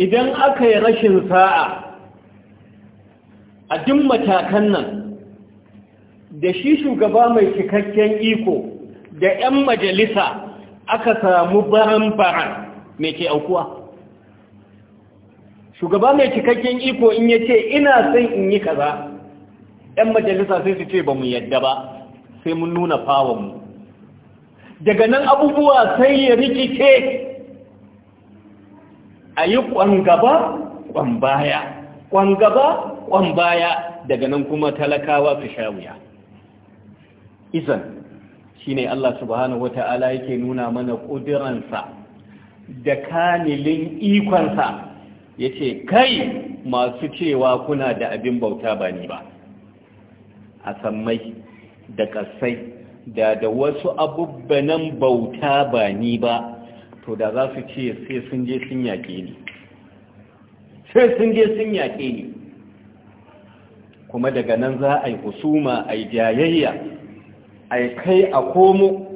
idan aka yi rashin sa'a a duk matakan nan da shi shugaba mai cikakken iko da 'yan majalisa aka samu baran-baran mai ke aukuwa shugaba mai cikakken iko in ya ce ina son in yi kaza ‘yan majalisa sai su ce ba mu yadda ba sai mun nuna mu. daga nan abubuwa sai ya rikice a yi ƙwangaba ƙwambaya ƙwangaba ƙwambaya daga nan kuma talakawa su sha wuya izan shi ne Allah subhanahu wata'ala yake nuna mana ƙudiransa da kanilin ikonsa ya ce kai masu cewa kuna da abin bauta ba ni ba a sammai da ƙasai da da wasu abubbanan bauta ba ni ba to da za su ce sai sun je sun yaƙe ni sai sun je sun yaƙe ni kuma daga nan za a yi husuma a yi jayayya a yi kai a komo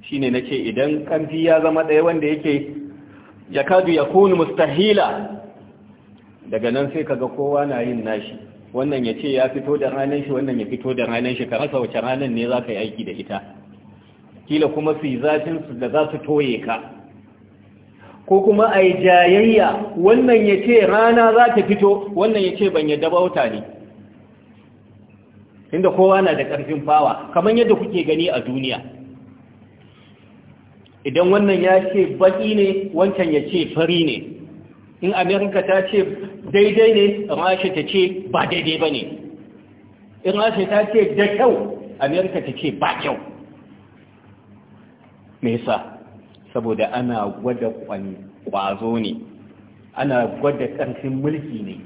shi ne na ce idan ƙamfi ya zama ɗaya wanda yake ya kadu ya kunu mustahila daga nan sai kaga kowa na yin nashi wannan ya ce ya fito da ranar shi wannan ya fito da ranar shi ka rasa wace ranar ne za ka yi aiki da ita kila kuma su yi zafinsu da za su toye ka ko kuma a yi jayayya wannan ya ce rana za ta fito wannan ya ce ban yadda bauta ne inda kowa na da ƙarfin fawa kamar yadda kuke gani a duniya idan wannan ya ce baƙi ne wancan ya ce fari ne in amerika ta ce daidai ne rashi ta ce ba daidai ba ne in rashi ta ce da kyau amerika ta ce ba kyau me yasa saboda ana gwada kwazo ne ana gwada ƙarfin mulki ne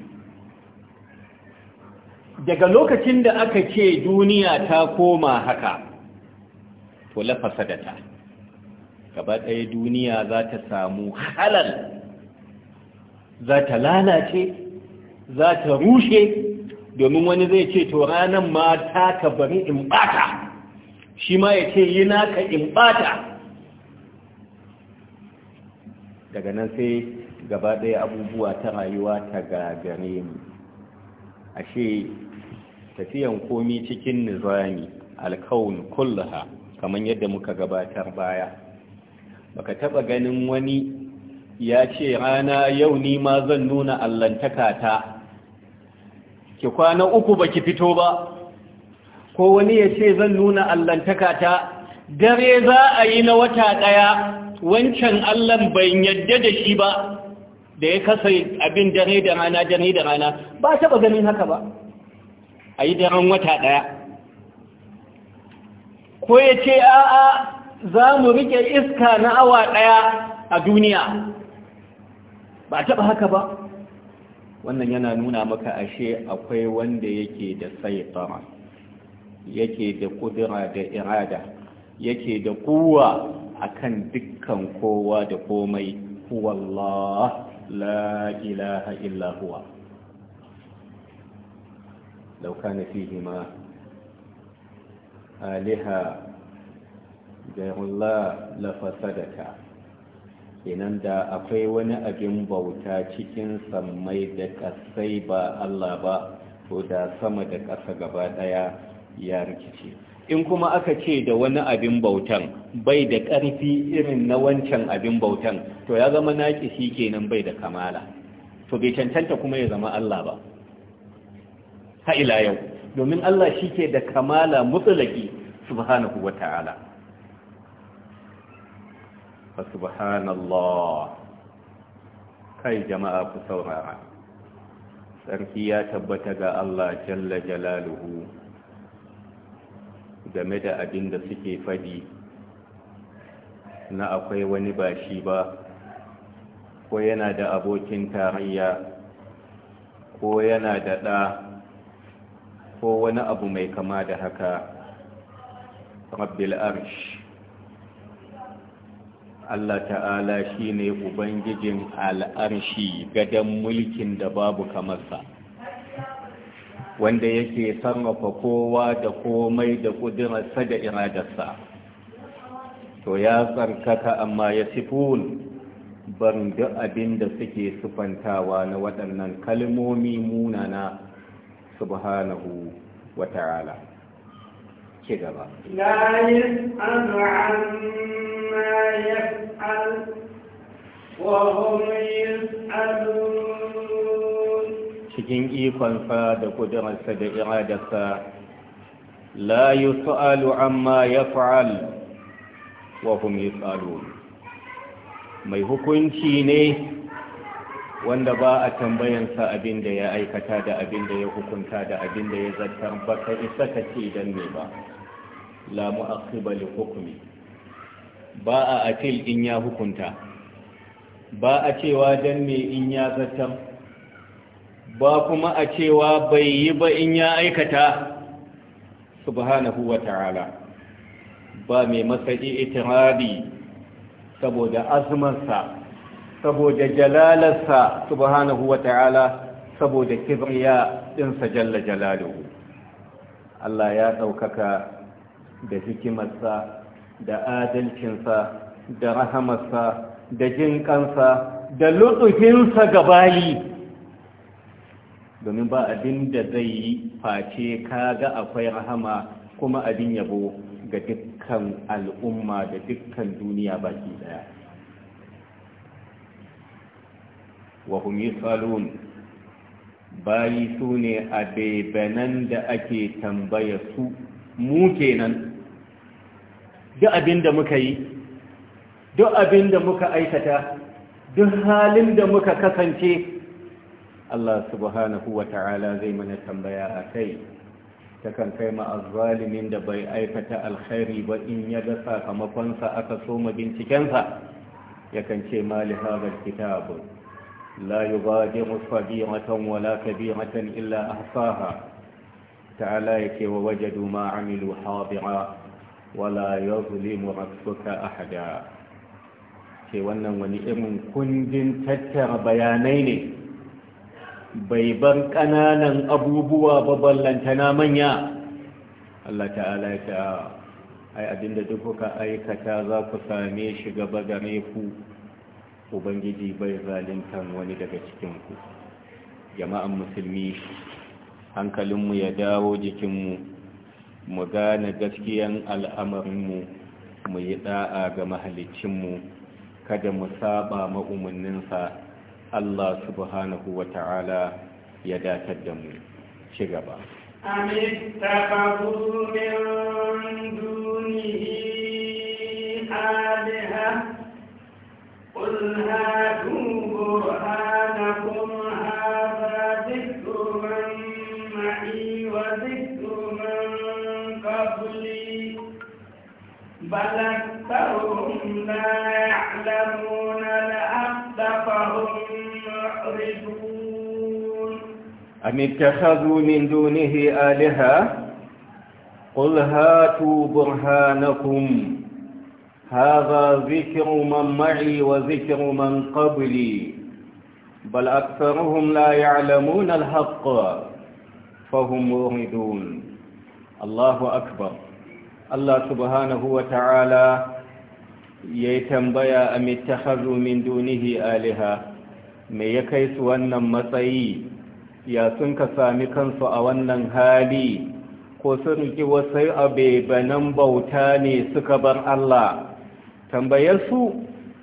daga lokacin da aka ce duniya ta koma haka to lafasa da ta gaba ɗaya duniya za ta samu halal za ta lalace za ta rushe domin wani zai ce to ranar ma ta ka bari in bata shi ma ya ce yi naka in bata daga nan sai gaba ɗaya abubuwa ta rayuwa ta gagare mu ashe tafiyan komi cikin nizami alkawun kullaha kamar yadda muka gabatar baya baka taba ganin wani ya ce rana yau ni ma zan nuna allantaka ta ki kwana uku baki fito ba ko wani ya ce zan nuna allantaka ta dare za a yi na wata ɗaya wancan allan bai yadda da shi ba da ya kasa abin dare da rana dare da rana ba taba ganin haka ba a yi daren wata ɗaya ko ya ce a'a za mu rike iska na awa ɗaya a duniya ba a taɓa haka ba wannan yana nuna maka ashe akwai wanda yake da saitara yake da kudura da irada yake da kuwa akan dukkan kowa da komai huwallah la ilaha illa huwa na fi hima aliha. la lafasadata inan da akwai wani abin bauta cikin sammai da ƙasai ba Allah ba to da sama da ƙasa gaba ɗaya ya rikice in kuma aka ce da wani abin bautan bai da ƙarfi irin na wancan abin bautan to ya zama naƙisi kenan bai da kamala to bai cancanta kuma ya zama Allah ba ha ila yau domin Allah shi ke da kamala mutsalaki subhanahu wa ta'ala fa subhanallah kai jama'a ku saurara sarki ya tabbata ga Allah jalla jalaluhu game da abin da suke fadi na akwai wani ba shi ba ko yana da abokin tarayya ko yana da ɗa ko wani abu mai kama da haka rabbil arsh Allah ta'ala shi ne Ubangijin al'arshi gadon mulkin da babu kamarsa, wanda yake sarrafa kowa da komai da ƙudurarsa da iradarsa. To ya tsarkaka amma ya sifun ban duk abin da suke sufantawa na waɗannan kalmomi munana, subhanahu wa ta'ala. ci gaba cikin ikonsa da kudurarsa da iradarsa la yus'alu amma yaf'al wa hum yas'alun mai hukunci ne wanda ba a tambayansa abin da ya aikata da abin da ya hukunta da abin da ya zartar baka isa ka ce don ne ba la mu'aqqiba li hukmi ba a atil in ya hukunta ba a cewa dan me in ya zartar ba kuma a cewa bai yi ba in ya aikata subhanahu wata'ala ba mai matsayi itirari saboda azumarsa saboda jalalarsa subhanahu wata'ala saboda kibriya ɗinsa jalla jalaluhu Allah ya ɗaukaka da hikimarsa da adalcinsa da rahamarsa da jinƙansa da lutsufinsa bali. domin ba abin da zai yi face ga akwai rahama kuma abin yabo ga dukkan al'umma da dukkan duniya baki daya wahum yusalun bali su ne a da ake tambaya su mu kenan duk abin da muka yi duk abin da muka aikata duk halin da muka kasance Allah subhanahu wa ta'ala zai mana tambaya a kai takan kai ma'azzalimin da bai aikata alkhairi ba in ya ga sakamakonsa aka soma bincikensa yakan ce mali hadar kitabun la yi ba je musfabiyatan wala kabiyatan illa ahsaha ta'ala yake wa waje duma amilu hadira wala yazlimu rabbuka ahada ce wannan wani irin kundin tattara bayanai ne bai bar ƙananan abubuwa ba ballantana manya Allah ta'ala ya ta ai abinda duk kuka aikata za ku same shi gaba gare ku ubangiji bai zalintan wani daga cikinku jama'an musulmi hankalinmu ya dawo jikinmu mu gane gaskiyan al'amarinmu mu yi da'a ga mahalicinmu kada mu saba ma'umanninsa Allah subhanahu wa ta'ala ya datar da mu ci gaba amin takabu min أم اتخذوا من دونه آلهة قل هاتوا برهانكم هذا ذكر من معي وذكر من قبلي بل أكثرهم لا يعلمون الحق فهم موردون الله أكبر الله سبحانه وتعالى يتنبيا أم اتخذوا من دونه آلهة me ya kai su wannan matsayi ya sun ka sami kansu a wannan hali ko sun riƙi wasu abebanan bauta ne suka bar Allah tambayarsu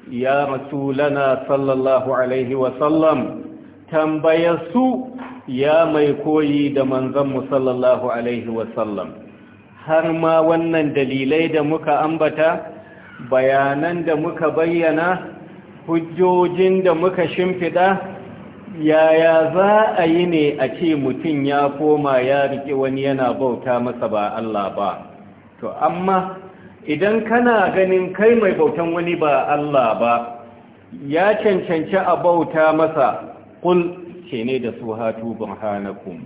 ya rasulana sallallahu alaihi wasallam tambayarsu ya mai koyi da manzanmu sallallahu alaihi wasallam har ma wannan dalilai da muka ambata bayanan da muka bayyana hujjojin da muka shimfiɗa yaya za a yi ne a ce mutum ya koma ya riƙe wani yana bauta masa ba Allah ba to amma idan kana ganin kai mai bautan wani ba Allah ba ya cancanci a bauta masa kul ce ne da su hatu burhanakum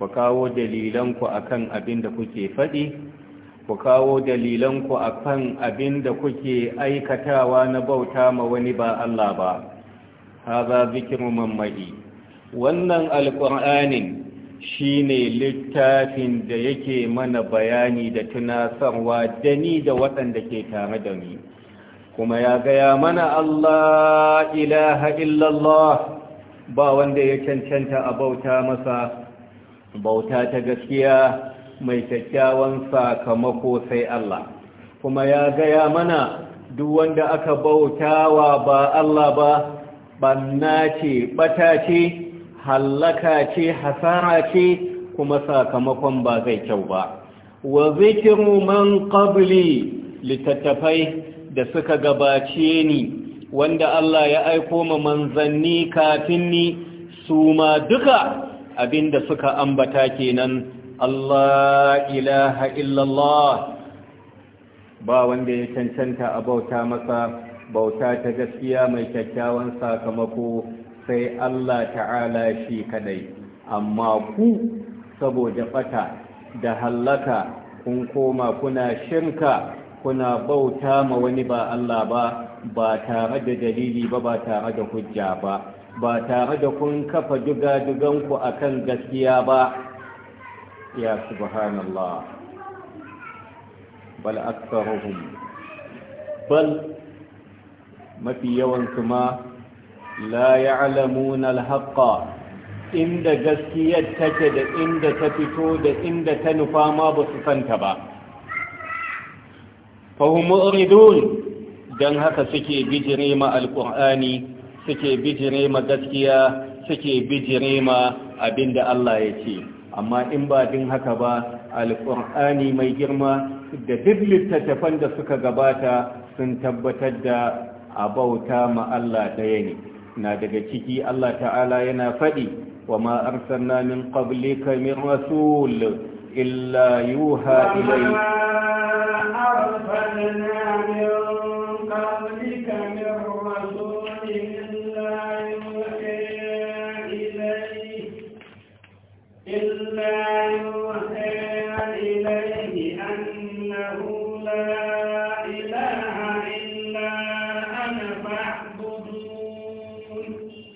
ku kawo dalilanku akan abin da kuke faɗi ku kawo dalilanku akan abin da kuke aikatawa na bauta ma wani ba Allah ba haza zikiru mamma'i wannan alƙur'anin shine littafin da yake mana bayani da tunasarwa da ni da waɗanda ke tare da ni kuma ya gaya mana Allah ilaha illallah ba wanda ya cancanta a bauta masa bauta ta gaskiya mai kyakkyawan sakamako sai Allah kuma ya gaya mana duk wanda aka bautawa ba Allah ba Banna ce ɓata ce hallaka ce hasara ce kuma sakamakon ba zai kyau ba wa zikiru man qabli littattafai da suka gabace ni wanda Allah ya aiko ma manzanni kafin ni su ma duka abinda suka ambata kenan Allah ilaha illallah ba wanda ya cancanta a bauta masa bauta ta gaskiya mai kyakkyawan sakamako sai Allah ta'ala shi kadai amma ku saboda fata da hallaka kun koma kuna shirka kuna bauta ma wani ba Allah ba ba tare da dalili ba ba tare da hujja ba ba tare da kun kafa duga-duganku kan gaskiya ba ya subhanallah bal aktaruhum bal mafi yawan kuma, ma la ya'lamuna al-haqqa inda gaskiyar take da inda ta fito da inda ta nufa ma ba su santa ba fahimu ridun don haka suke bijire ma alƙur'ani suke bijire ma gaskiya suke bijire ma abinda Allah ya ce amma in ba din haka ba alƙur'ani mai girma da duk littattafan da suka gabata sun tabbatar da a bauta ma Allah ɗaya ne na daga ciki Allah ta'ala yana faɗi wa ma arsalna min qablika min rasul illa yuha ilayhi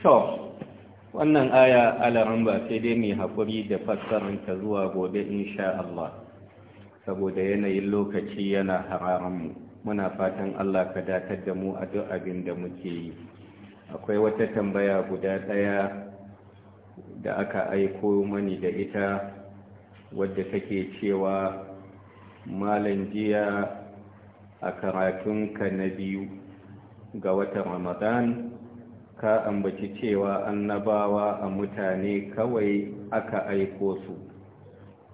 to wannan aya alaran ba sai dai mai haƙuri da fassaranta zuwa gobe insha Allah saboda yanayin lokaci yana hararan mu, muna fatan Allah ka datar da mu a duk abin da muke yi akwai wata tambaya guda ɗaya da aka aiko mani da ita wadda take cewa malam jiya a karatunka na biyu ga watan ramadan ka ambaci cewa annabawa a mutane kawai aka aiko su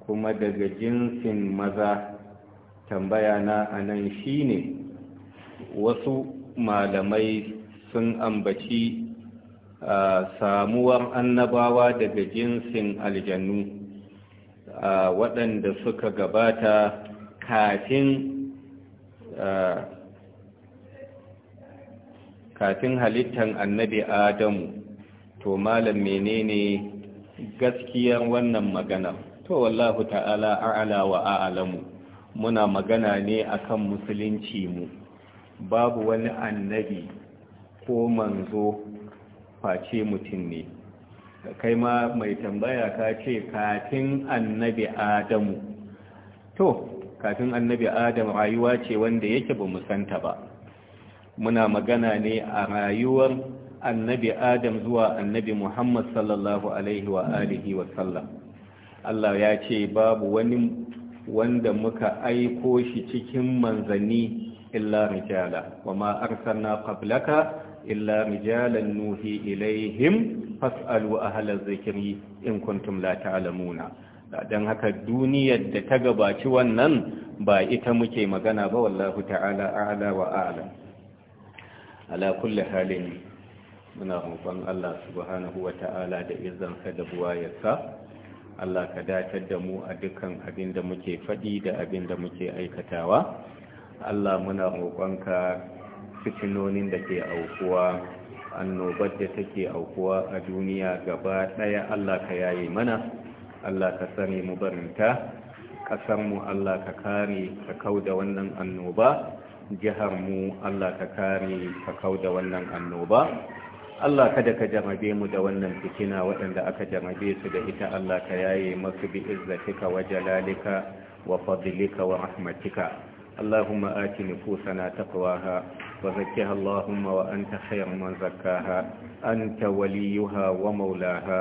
kuma daga jinsin maza tambaya na a nan shine wasu malamai sun ambaci samuwar annabawa daga jinsin aljannu waɗanda suka gabata kafin kafin halittar annabi adamu to malam menene gaskiyar wannan magana to wallahu ta'ala a'ala wa a'lamu muna magana ne akan musulunci mu babu wani annabi ko manzo face mutum ne kai ma mai tambaya ka ce kafin annabi adamu to kafin annabi adam rayuwa ce wanda yake bamu santa ba muna magana ne a rayuwar annabi adam zuwa annabi muhammad sallallahu alaihi wa alihi wa sallam allah ya ce babu wani wanda muka aiko shi cikin manzanni illa rijala wa ma arsalna qablaka illa rijalan nuhi ilaihim fas'alu ahla zikri in kuntum la ta'lamuna dan haka duniyar da ta gabaci wannan ba ita muke magana ba wallahu ta'ala a'la wa a'lam ala kulli halin muna roƙon Allah subhanahu wa ta'ala da izinsa da buwayarsa Allah ka datar da mu a dukkan abin da muke faɗi da abin da muke aikatawa Allah muna ka fitinonin da ke aukuwa annobar da take aukuwa a duniya gaba ɗaya Allah ka yaye mana Allah ka sani mu barinta ƙasarmu Allah ka kare ka kau da wannan annoba jihar mu Allah ka kare ka da wannan annoba Allah kada ka jarrabe mu da wannan fitina waɗanda aka jarrabe su da ita Allah ka yaye masu bi izzatika wa jalalika wa fadlika wa rahmatika اللهم آت نفوسنا تقواها وزكها اللهم وأنت خير من زكاها أنت wa ومولاها